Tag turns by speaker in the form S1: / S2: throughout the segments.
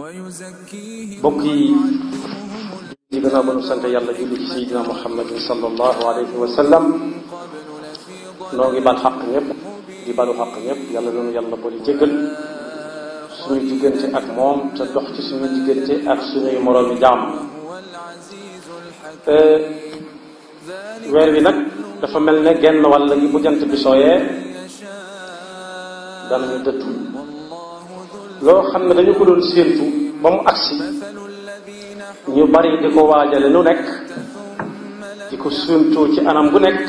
S1: bokk yi ci gannaaw ba nu sant yàlla julli ci sayyidina muhammadin sallallahu alayhi wa noo ngi baal xaq ñëpp di balu xaq ñëpp yàlla noonu yàlla boole jéggal suñu ak moom te dox ci suñu diggante ak suñuy moroomi jaam euh, weer wi nag dafa mel ne genn wàll gi bu jant bi sooyee danañu loo xam ne dañu ko doon séentu ba mu agsi ñu bari di ko waajale nu nekk di ko séentoo ci anam bu nekk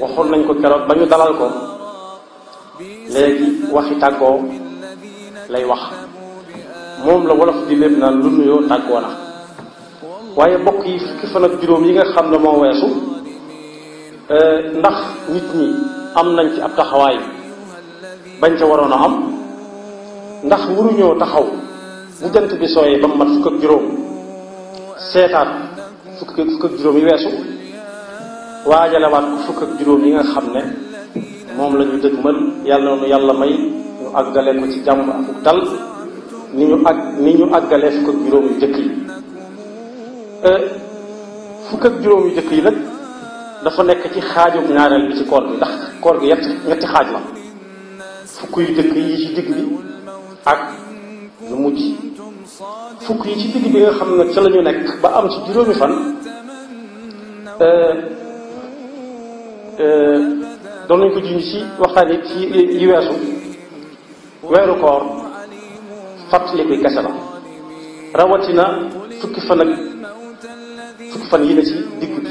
S1: waxoon nañ ko keroog ba ñu dalal ko léegi waxi tàggoo lay wax moom la wolof di lépp naan lu nuyoo tàggoo na waaye bokk yi fukki fan ak juróom yi nga xam ne moo weesu eh, ndax nit ñi am nañ ci ab taxawaay bañ ca waroon a am ndax waruñoo taxaw bu jant bi sooyee ba man mat fukk ak juróom seetaan fukk fukk ak juróom yi weesu waajalewaat ko fukk ak juróom yi nga xam ne moom la ñu dëgmal yàlla noonu yàlla may ñu àggale ko ci jàmm ak dal ni ñu àgg ni fukk ak juróom yu jëkk yi euh, fukk ak juróom yu jëkk yi nag dafa nekk ci xaaju ñaareel bi ci koor bi ndax koor gi yett ñetti xaaj la fukk yu jëkk yi ci digg bi ak lu mujj fukk yi ci digg bi nga xam ne ca la ñu nekk ba am ci juróomi fan euh, euh, doon nañ ko junj ci waxtaan yi ci yi weesu weeru koor fàttaliku kese la rawatina fukki fan yi ne ci digg bi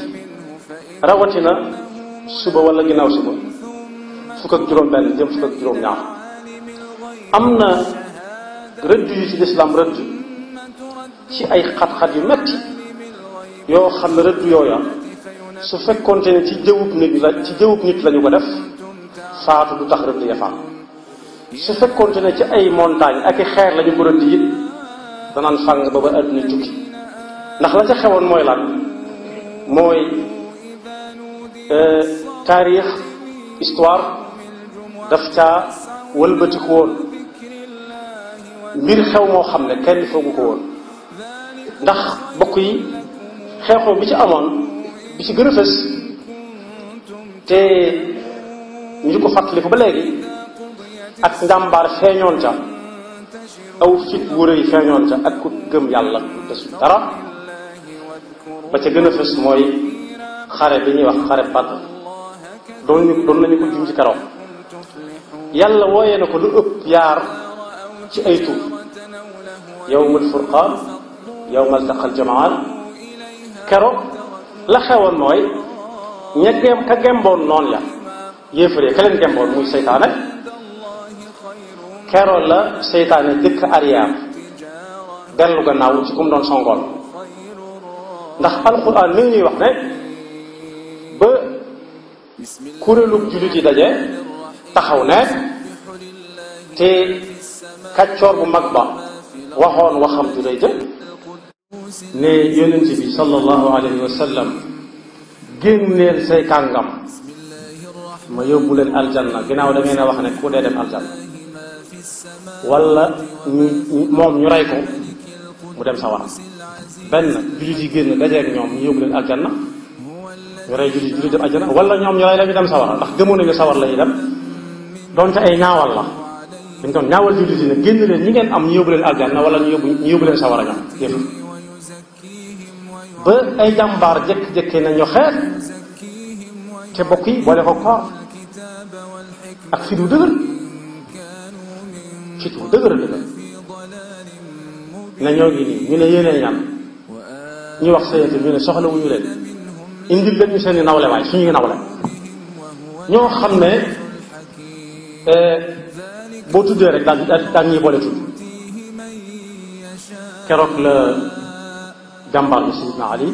S1: rawatina suba wala ginnaaw suba fukk ak juróom-benn jëm fukk ak juróom-ñaar. am na rëdd yu ci lislaam rëdd ci ay xat-xat yu metti yoo xam ne rëdd yooya su fekkoonte ne ci jëwub nit ci jëwub nit lañu ko def faatu du tax rëdd ya faam su fekkoonte ne ci ay montagne ak i xeer lañu ko rëdd it danaan fàng ba ba àdduna tukki ndax la ca xewoon mooy lan mooy euh, taarix histoire daf caa wëlbatiku mbir xew moo xam ne kenn foogu ko woon ndax bokk yi xeexoo bi ci amoon bi ci gën a fës te ñu di ko fàttaliku ba léegi ak njàmbaar feeñoon ca aw fit wu rëy feeñoon ca ak ku gëm yàlla desul dara ba ca gën a fës mooy xare bi ñuy wax xare Badr doon nañu ko jum ci keroog yàlla wooyee na ko lu ëpp yaar ci ay tur yowmul furqaan yowmal taqal jamaan keroog la xewoon mooy ña gem ka gemboon noonu ya yéefaree ka leen gemboon muy seytaane keroog la seytaane dëkk ariyaam dellu gannaaw kum doon songoon ndax alxuraan mi ñuy wax ne ba kuréelub jullit daje taxaw te kàccoor bu mag ba waxoon waxam ju rëy ne yonent bi sallallahu alayhi wa sallam génneel say kàngam ma yóbbu leen aljanna ginnaaw da ngeen a wax ne ku dee dem aljanna wala ñu moom ñu rey ko mu dem ñoom ñu leen aljanna ñu rey jullit jullit dem la ñu dem sawara ndax gëmoon nañu sawar la ñu dem donte ay ñaawal la dañ doon ñaawal jullit yi ne génn leen ñi ngeen am ñu yóbbu leen aljanna wala ñu yóbbu ñu yóbbu leen sawara ñoom yëpp ba ay jàmbaar jékki ko koor ak fit wu ñu ne ñu wax sayante ñu ne soxla wuñu leen indil leen ñu seeni nawle waay suñuy nawle ñoo xam ne eh, boo tuddee rek daal daal ñuy boole tudd keroog la jàmbaar bi Sidna Ali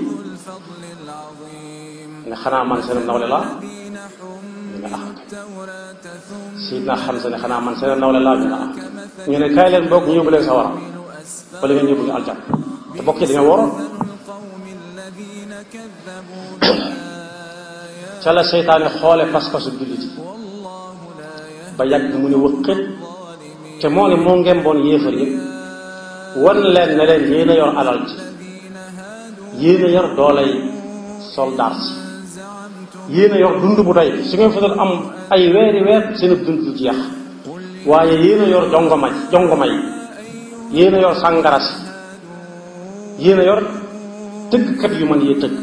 S1: ne xanaa man seen nawle laa ñu ne ah. Sidna Xamsa ne xanaa man seen nawle laa ñu ne ah ñu ne kaay leen bokk ñu yóbbu leen sawara wala ngeen yóbbu ñu aljan te bokk ci da ngeen waroon ca la seytaane xoole pas-pasu jullit yi ba yàgg mu ne wëqët te moo ne moo ngemboon yéefar yi wan leen ne leen yéen a yor alal ji yéen a yor doolay soldaar si yéen yor dund bu doy su ngeen fa doon am ay weeri weer seen dund du jeex waaye yéen a yor jongoma jongoma yi yor sàngara si yéen a yor tëggkat yu mën yee tëgg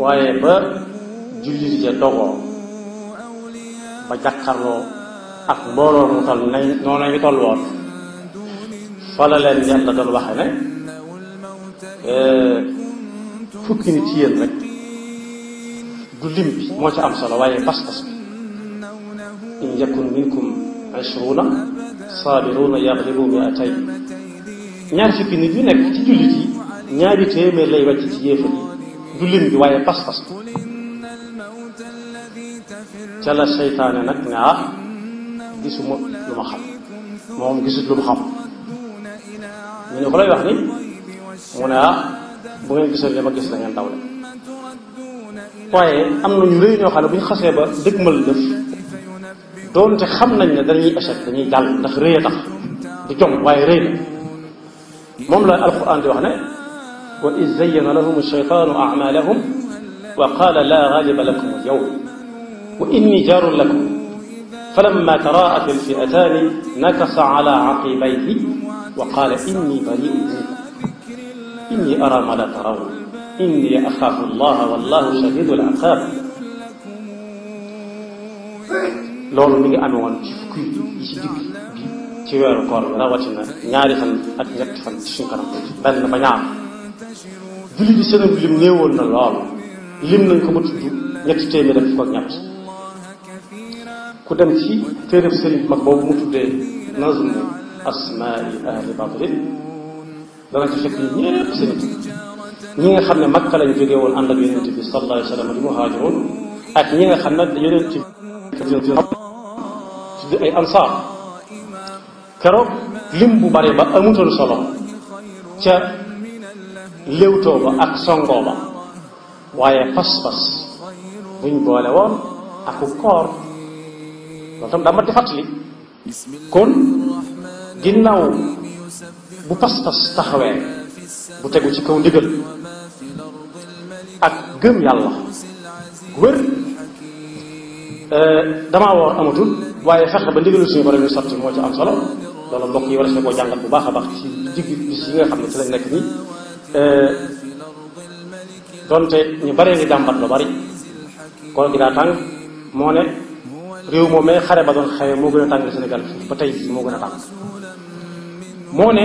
S1: waaye ba jullit ja dogoo ba jàkkarloo ak mbooloo mu toll nañ noonu ñu toll woon fa waxe ne eh, fukki nit ci yéen du lim bi moo ci am solo waaye pas-pas bi in yakun minkum ashruuna saabiruuna yaglibu mi'atayn ñaar fukki nit yu nekk ci jullit yi ñaari téeméer lay wàcc ci yéefar du lim waaye pas-pas bi ca la seytaane nag ne ah gisuma lu ma xam moom gisut lu mu xam ñu ne ko lay wax ni mu ne ah bu ngeen gisoon li ma gis da ngeen daw le waaye am na ñu rëy ñoo xam ne bu ñu xasee ba dëgmal def doonte xam nañ ne dañuy échec dañuy jàll ndax rëy a tax du jom waaye rëy na moom la alquran di wax ne wa iz zayyana lahum ash-shaytaanu a'maalahum wa qaala laa gaaliba lakum al-yawm wa inni jaarun lakum falamma taraa'at al-fi'ataani nakasa alaa aqibayhi wa qaala inni barii'un minkum inni araa maa laa tarawna inni axaafu allaha wallahu shadiidul iqaab loolu mi ngi amee woon ci fukki yi ci digg bi ci weeru koor bi rawatina ñaari fan ak ñetti fan ci suñu kanam benn ba ñaar julli di seenam lim néewoon na lool lim nañ ko ba tudd ñetti téeméer ak fukk ak ñett ku dem ci téereb sëriñ mag boobu mu tuddee nazmu asmaai ahli badrin dana ci fekk ñi nga xam ne mag lañ jógee woon ànd ak bi sallallahu alayhi wa sallam ak ñi nga xam ne yonent bi tudd ay ansaar keroog lim bu bare ba amutoon solo ca léwtoo ba ak songoo ba pas-pas buñ boole woon aku koor loolu tam daa ma di kon ginnaaw bu pas-pas taxawee bu tegu ci kaw ndigal ak gëm yàlla wër eh, damaa woor amatul waaye fexe ba ndigalu suñu borom ñu sotti moo ci am solo loolu mbokk yi war na koo jàngat bu baax a baax ci digg bis yi nga xam ne ci lañ nekk nii eh, donte ñu baree ngi jàmbat lu bari koor gi daa moo ne réew moom mais xare ba doon xewee moo gën a tàng ba tey moo gën a tàng moo ne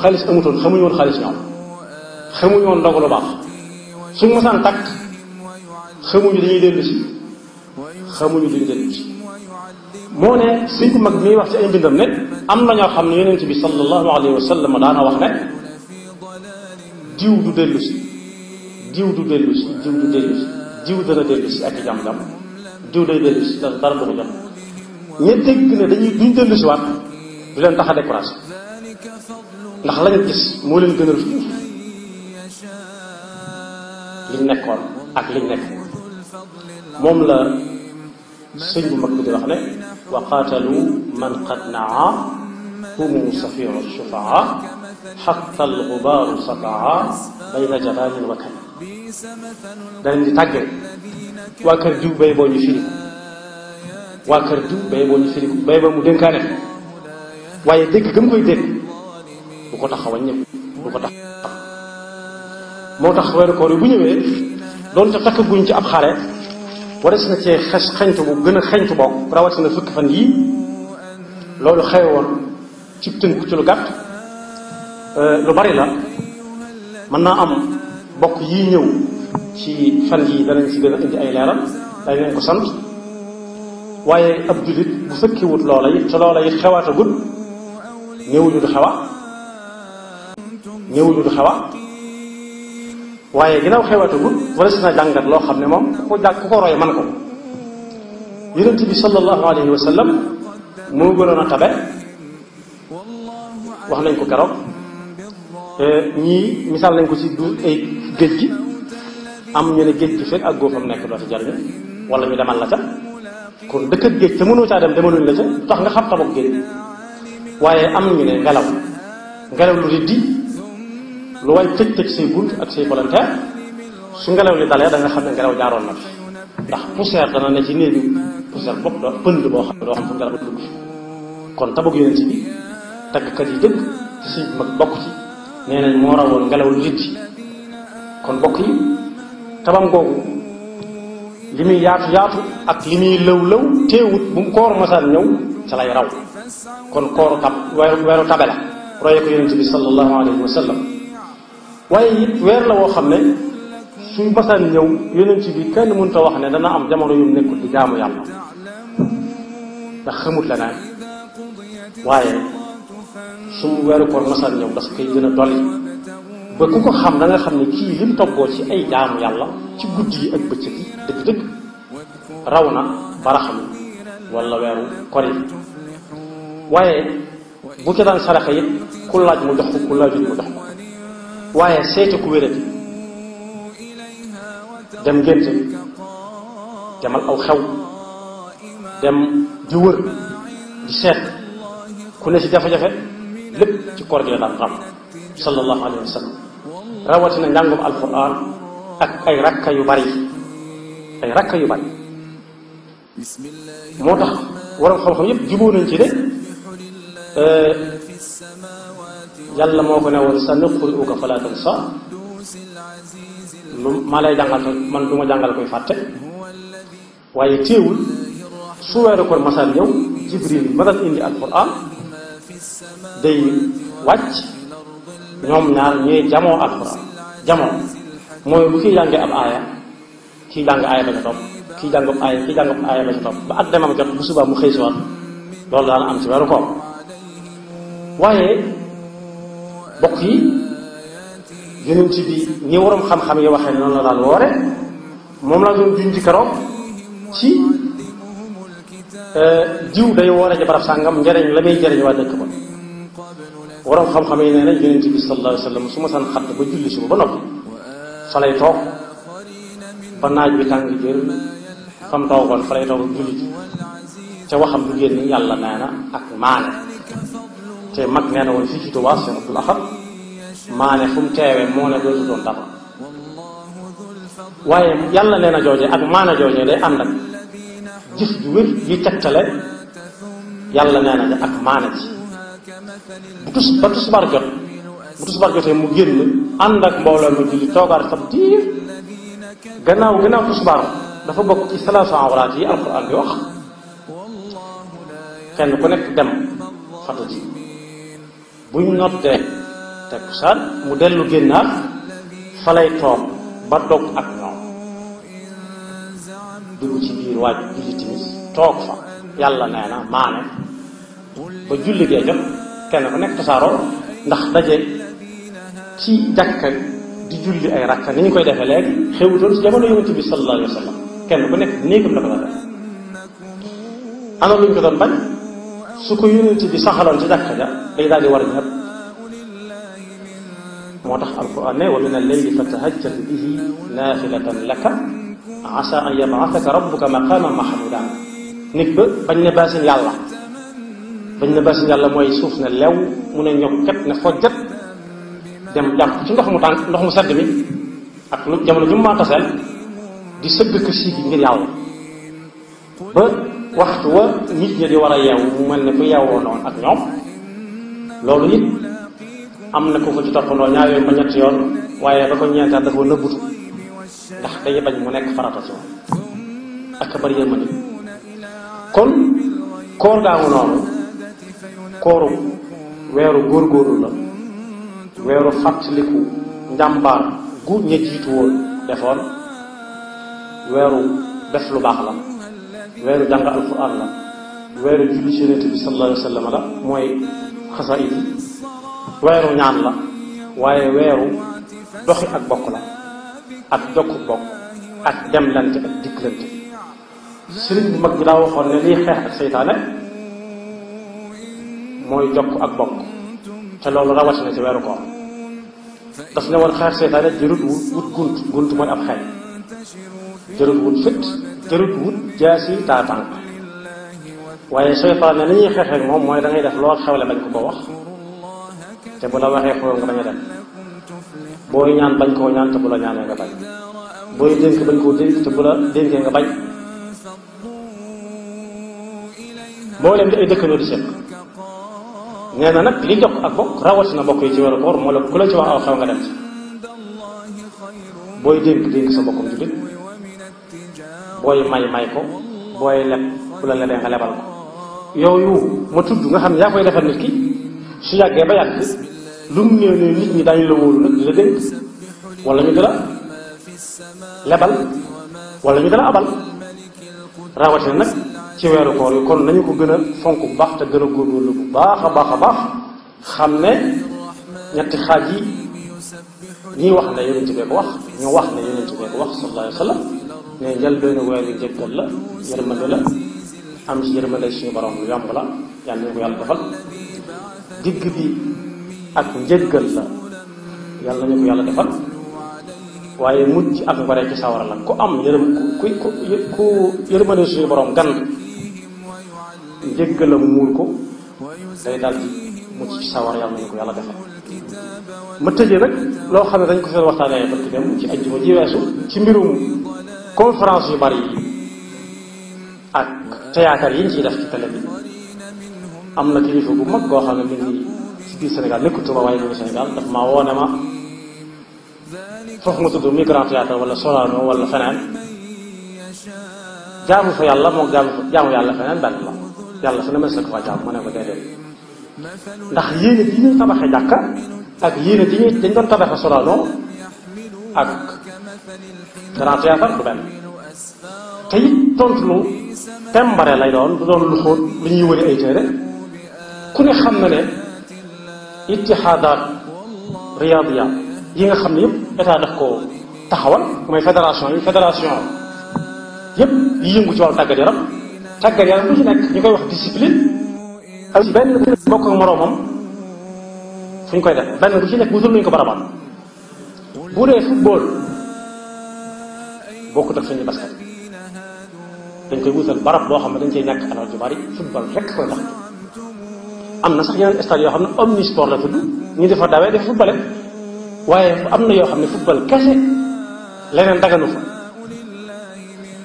S1: xaalis amutoon xamuñu woon xaalis ñoom xamuñu woon ndogalu baax suñu masaan takk xamuñu dañuy dellu moo ne sëñ bu mag miy wax ci ay mbindam ne am na ñoo xam ne yonent bi sallallahu alayhi wa sallam daana wax ne diw du dellu si diw du dellu diw du dellu diw dana dellu ak jam-jam diw day dellu si dara du ko jot ña dégg ne dañuy duñ dellu si leen tax a découragé ndax lañ gis moo leen gënal fuuf liñ nekkoon ak liñ nekk moom la sëñ bu mag bi di wax ne wa qaatalu man qad naa humu safiru shufaa xatta algubaaru sataa bayna jabaanin wa kan waa kër diw bay boo ñu firi waa kër diw bay boo ñu firi bay ba mu dénkaane waaye dégg gëm koy dégg bu ko tax a wàññeeku bu ko tax moo tax weeru yi bu ñëwee doonte takk guñ ci ab xare waras na cee xes xeñtu bu gën a xeñtu bokk rawatina fukki fan yii loolu xewoon ci tënku ci lu gàtt euh, lu bari la mën naa am bokk yii ñëw ci fan yi danañ si gën a indi ay leeral dañ ko sant waaye ab julit bu fekkiwut loola it te loola it xewaatagut néewuñu du xewa néewuñu du xewa waaye ginnaaw xewaatagut waras na jàngat loo xam ne moom ku ko jàng ku ko roy man ko yonent bi sallallahu alayhi wa sallam gënoon a tabe wax nañ ko keroog eh, ñii misaal nañ ko ci du ay géej gi am ñu ne géej gi fekk ak góofam nekk doo ci jariñu wala ñu demal la kon dëkk ak géej te mënoo caa dem demaluñ la ca tax nga xam xamuk géej waaye am ñu ne ngelaw ngelaw lu di di lu way tëj tëj say bunt ak say volontaire su ngelaw li dalee da nga xam ne ngelaw jaaroon na fi ndax poussière dana ne ci néeg poussière bopp doo pënd boo xam ne doo xam fu ngelaw dugg kon tabug yonent bi bokk ci ngelaw lu kon bokk tabam googu li yaatu yaatu ak li muy lëw lëw teewut bu mu kooru masaan ñëw ca lay raw kon kooru tab weeru weeru tabe la roye ko yonente bi sallallahu alayhi wa sallam waaye weer la woo xam ne suy masaan ñëw yonente bi kenn mënut a wax ne dana am jamono yu nekkul di jaamu yàlla ndax xamut la naa waaye su weeru koor masaan ñëw daf koy gën a dolli ba ku ko xam da nga xam ne kii lim toggoo ci ay jaamu yàlla ci guddi yi ak bëccëg yi dëgg-dëgg raw na baraxam wala weeru kor yi waaye bu ci daan saraxa it ku laaj mu jox ko ku laajut mu jox ko waaye seeti ku wérati dem ngénte demal aw xew dem di wër di seet ku ne ci jafe-jafe lépp ci koor gi la daan ràmm sallallahu alayhi wa sallam rawatina njàngum alquran ak ay rakka yu bari ay rakka yu bari moo tax waroon xam-xam yëpp jubóo nañ ci ne eh, yàlla moo ko ne woon sa nuqri'uka falaa tansaa lu man du ma jàngal koy fàtte waaye teewul su weeru koor masaan ñëw jibril masaan indi alquran day wàcc ñoom ñaar ñooy jamoo alxuraan jamoo mooy bu kii jàngee ab aaya kii jàng aaya ba ca kii jàngub aaya kii jàngub aaya ba ca ba at demam jot bu subaa mu xëy si waat loolu daana am ci weeru koor waaye bokk yi yonent bi ñi waroom xam-xam yi waxee noonu la daan woore moom laa doon junj keroog ci euh, jiw day woore ci barab sàngam njariñ la muy jariñ waa dëkk ba waroon xam-xam yi nee na yonent bi sallallahu su ma saan xat ba julli suba ba noppi fa lay toog ba naaj bi tàng julli ji te waxam du génn yàlla nee ak mag nee na woon fii ci na jooje maana jooje day ànd ak jëf ju wér yi tegtale yàlla nee na ak maana ji tus ba tusbaar jot bu tusbaar jotee mu génn ànd ak mbooloo mi julli toogaat sab diir gannaaw gannaaw tusbaar dafa bokk ci salaasu awraat yi alxuraan bi wax kenn ku nekk dem fatu ji buñ nottee takkusaan mu dellu génnaat fa lay toog ba dog ak ñoom dugg ci biir waaj julli timis toog fa yàlla nee na maane ba julli gee jot kenn ku nekk tasaaroo ndax daje ci jàkka di julli ay rakka ni ñu koy defee léegi xewutoon si jamono yonent bi sallallahu alayhi wa sallam kenn ku nekk néegam la ko def ana lu ñu ko doon bañ su ko yonent bi saxaloon ci jàkka ja day daal di war ñëpp moo tax alquran ne wa min alleyli fatahajjat bihi naafilatan laka asa an yabaasaka rabbuka maqaama mahmuudan nit ba bañ ne baasin yàlla bañ ne basi yàlla mooy suuf na lew mu ne ñokkat ne fojjat dem jàpp ci ndox mu tànk ndox mu sedd mi ak lu jamono ju ma taseel di sëgg ka siigi ngir yàlla ba waxtu wa nit ñi di war a yeewu mu mel ne ku yeewoo noonu ak ñoom loolu it am na ku ko ci toppandoo ñaar yooyu ñett yoon waaye ba ko ñeentaat dafa nëbbutu ndax day bañ mu nekk farata ci moom ak bari kon koor gaamu noonu kooru weeru góorgóorlu la weeru fàttaliku njàmbaar gu ña woon defoon weeru def lu baax la weeru jàng alquran la weeru julli ci yonent bi sallallahu alayhi la mooy xasaayid weeru ñaan la waaye weeru doxi ak bokk la ak jokku bokk ak demlante ak dikklante sëriñ bu mag bi daa waxoon ne liy xeex ak seytaane mooy jokk ak bokk te loolu rawatina ci weeru koor daf ne woon xeex seytaane jërut wut wut gunt gunt mooy ab xel jërut wut fit jërut wut jaasi taatànk waaye seytaane li ñuy xeexee moom mooy da ngay def lool xewle bañ ko ko wax te bu la waxee xool nga bañ a dem booy ñaan bañ koo ñaan te bu la ñaanee nga bañ booy dénk bañ koo dénk te bu la dénkee boo leen di ay dëkkandoo nee na nag li jokk ak bokk rawatina bokk yi ci weeru koor moo la ku la ci wax aw xew nga dem ci booy dénk dénk sa bokkum jullit booy may may ko booy leb ku la lebee nga lebal ko yooyu ma tudd nga xam ne yaa koy defal nit ki su yàggee ba yàgg lu mu néew néew ñi daañu la wóolu nag ñu di lebal wala ñu di abal rawatina nag ci weeru koor yi kon nañu ko gën a fonk bu baax te gën a góorgóorlu bu baax a baax a baax xam ne ñetti xaaj yi ñii wax ne yonent bee ko wax ñu wax ne yonent bee ko wax sallallahu wa sallam ne njëlbéenu weer wi la yërmande la am ci yërmande suñu borom lu yomb la yal nañu yàlla defal digg bi ak njëggal la yal nañu ko yàlla defal waaye mujj ak bare ci sawara la ku am yërëm ku ku ma ne suñu borom gan njëggalam muur ko day daal di mucc ci sawar yàlla nañu ko yàlla defal ma tëjee nag loo xam ne dañ ko fee waxtaanee ba ci dem ci ajjuma ci mbirum conférence yu bari yi ak théâtre yi ñu ciy def ci télé bi am na kilifa bu mag boo xam ne mi ngi ci biir Sénégal waaye mu ngi Sénégal daf maa woo ma foofu nga tudd micro théâtre wala Sorano wala feneen jaamu fa yàlla moo jaamu yàlla feneen benn la yàlla su ne mës na ko fa jaamu ma ne ko déedéet ndax yéene yi ñuy tabaxee jàkka ak yéene yi ñuy tabaxe Sorano ak Grand Théâtre du benn te it tontu lu tembare lay doon du doon lu xóot lu ñuy wëri ay téere ku ne xam na ne ittihaadaat riyaadiya yi nga xam ne yëpp état daf ko taxawal mooy fédération fédération yëpp di yëngu ci wàllu tàggat yaram tàggat yaram bu ci nekk ñu koy wax discipline ak benn bu ci bokk ak moroomam fu ñu koy def benn bu ci nekk wutal nañu ko barabam bu dee football bokkut ak suñu basket dañ koy wutal barab boo xam ne dañ cey ñàkk alal ju bari football rekk koy tax am na sax yeneen stade yoo xam ne omnisport la tudd ñu di fa dawee di fa footballé waaye am na yoo xam ne football kese leneen daganu fa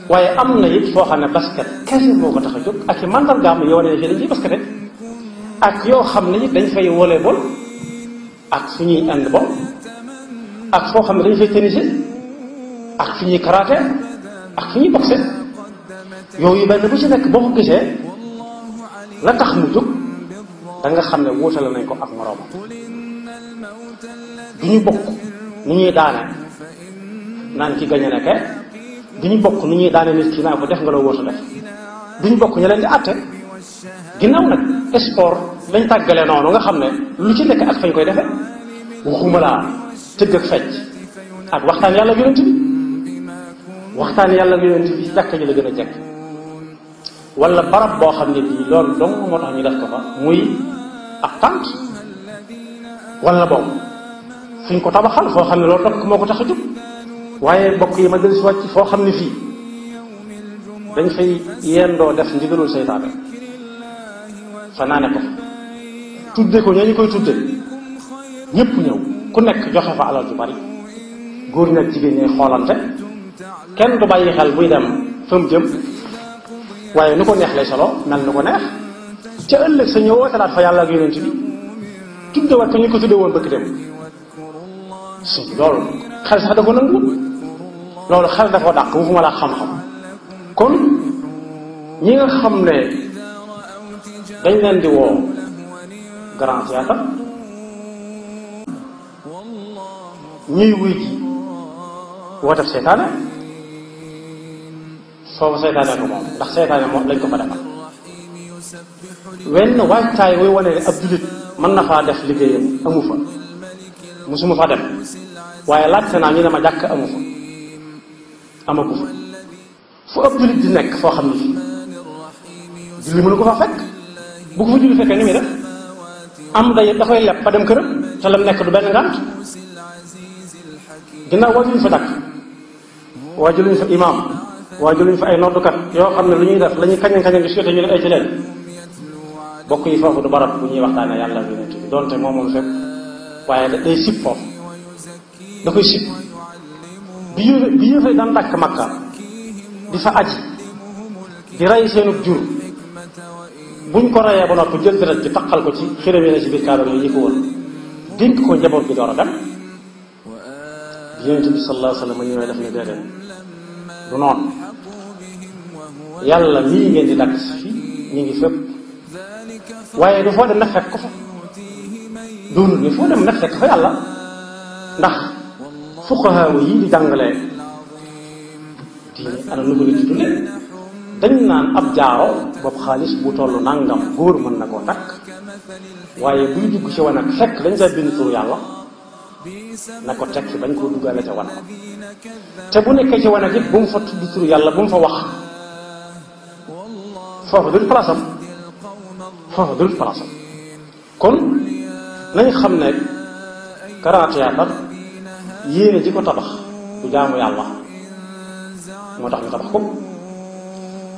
S1: waaye am na it foo xam ne basket kese moo ko tax a jóg ak i yoo ne fii dañ ciy xam ne it dañ fay volleyball ak fu ñuy boo ak foo xam ne dañ fay tennis ak fu ñuy karaté ak fu ñuy boxe yooyu benn bu ci nekk boo la tax mu jóg xam ne wóotale nañ ko ak moroom du ñu bokk ni ñuy daane naan ki gañe na ke duñu bokk nu ñuy daane nit ki naa ko def nga la wóota def duñu bokk ñu leen di àtte ginnaaw nag sport lañ tàggalee noonu nga xam ne lu ci nekk ak fañ koy defee waxuma laa tëgg ak fecc ak waxtaan yàlla ak yonent bi waxtaan yàlla ak yonent bi jàkka ji la gën a jekk wala barab boo xam ne bii loolu dong moo tax ñu def ko fa muy ak tànt wala boom fuñ ko tabaxal foo xam ne loolu dong moo ko tax a waaye mbokk yi ma gën si foo xam ne fii dañ fay doo def ndigalul seytaane fanaane ko tudde ko ñooñu koy tudde ñëpp ñëw ku nekk joxe fa alal ju bari góor ñi ak jigéen ñi xoolante kenn du bàyyi xel buy dem fa mu jëm waaye nu ko neex lay solo mel nu ko neex ca ëllëg sa ñëwoo talaat fa yàlla ak yonent bi tudde wat ko ñu ko tudde woon bëgg dem su loolu xel sax da ko nangu loolu xel dafa dàq waxuma laa xam-xam kon ñi nga xam ne dañ leen di woo grand ñuy wuy ji wooteb seytaane foofu seytaane ko moom ndax seytaane moom lañ ko fa defal wenn waajtaay wuy wane ab jullit mën na faa def liggéeyam amu fa musuma fa dem waaye laajte naa ñu ne jàkk amu fa amagu fa fu ëpp jullit di nekk foo xam ne fii julli mënu ko fa fekk bu ko fa julli fekkee ni muy def am day dafay leb ba dem a te lam nekk du benn ngant ginnaaw waajaluñ fa dàkk waajaluñ fa imaam waajaluñ fa ay noddukat yoo xam ne lu ñuy def la ñuy kañan kañan bi su ñu ne ay ci leen bokk yi foofu du barab bu ñuy waxtaane yàlla yonent bi donte moom moom fépp waaye day sib foofu da koy sib bi yëfe bi yëfe daan dàkk makka di fa aji di rey seenu jur buñ ko reyee ba noppi jël deret ji taqal ko ci xërëm yi ne ci biir kaaba gi yi ko woon dénk ko njaboot bi door a dem bi yonent bi sallallahu alayhi wa sallam ñëwee def ne déedéet du noonu yàlla lii ngeen di dàkk fii ñu ngi fépp waaye du foo dem na fekk ko fa doonul ni foo dem na fekk fa yàlla ndax fuqahaawu yi di jàngale diine ana ko nit dañ naan ab jaaro boobu xaalis bu toll nangam góor mën na koo takk waaye buy dugg ci wanag fekk dañ sa bind turu yàlla na ko teg bañ koo duggaale ca wanag te bu nekkee ci wanag it bu mu fa tudd turu yàlla bu mu fa wax foofu dul place am foofu dul place am kon nañ xam ne karaté yéene ji ko tabax du jaamu yàlla moo tax ñu tabax ko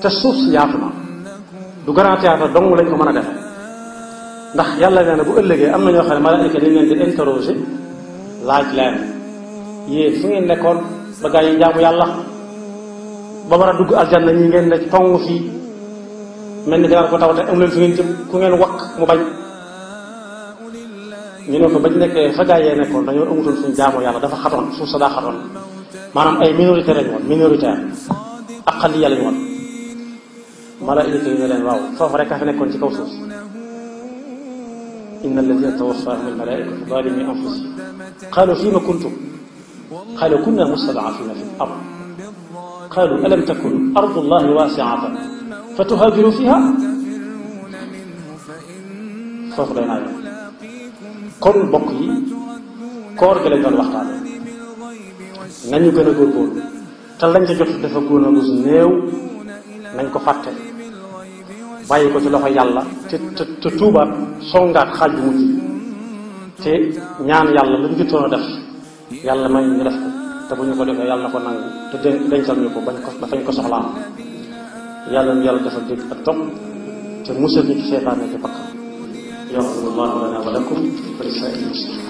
S1: te suuf si yaatu na du grand théâtre dong lañ ko mën a defe ndax yàlla nee na bu ëllëgee am na ñoo xam ne malaayika dañ leen di interroger laaj leen yéen fu ngeen nekkoon ba gaa yi jaamu yàlla ba war a dugg aljanna ñi ngeen ne tong fii mel ni ganaar ko taw te am leen fu ngeen jëm ku ngeen wakk mu bañ ñu ne ko bañ nekkee fa gaa yee nekkoon dañoo amutoon suñu jaamu yàlla dafa xatoon suuf sa daa xatoon maanaam ay minorité lañ woon minoritaire aqaliya lañ woon malaayika yi ne leen waaw foofu rek a fi nekkoon ci kaw suuf inna alladina tawaffahum almalaikatu zalimi anfusihim qalu fima kuntum qalu kunna mustadafina fi l ard qalu alam takun ardullahi wasiatan fa tuhajiru fiha foofu day naa yoon kon mbokk yi koor gi lañ doon waxtaane nañu gën a góorgóorlu te lañ ca jot dafa góor a gus néew nañ ko fàtte bàyyi ko ci loxo yàlla te te te tuubaat songaat xaaj bu mujj ñaan yàlla luñ jotoon a ñu def ko te bu ñu ko defee yàlla na ko nangu te dencal ñu ko bañ ko ba ko soxlaa yàlla ñu yàlla dafa dégg ak topp te musal ñu ci seetaane ci bakkan يغفر الله لنا ولكم ولسائر المسلمين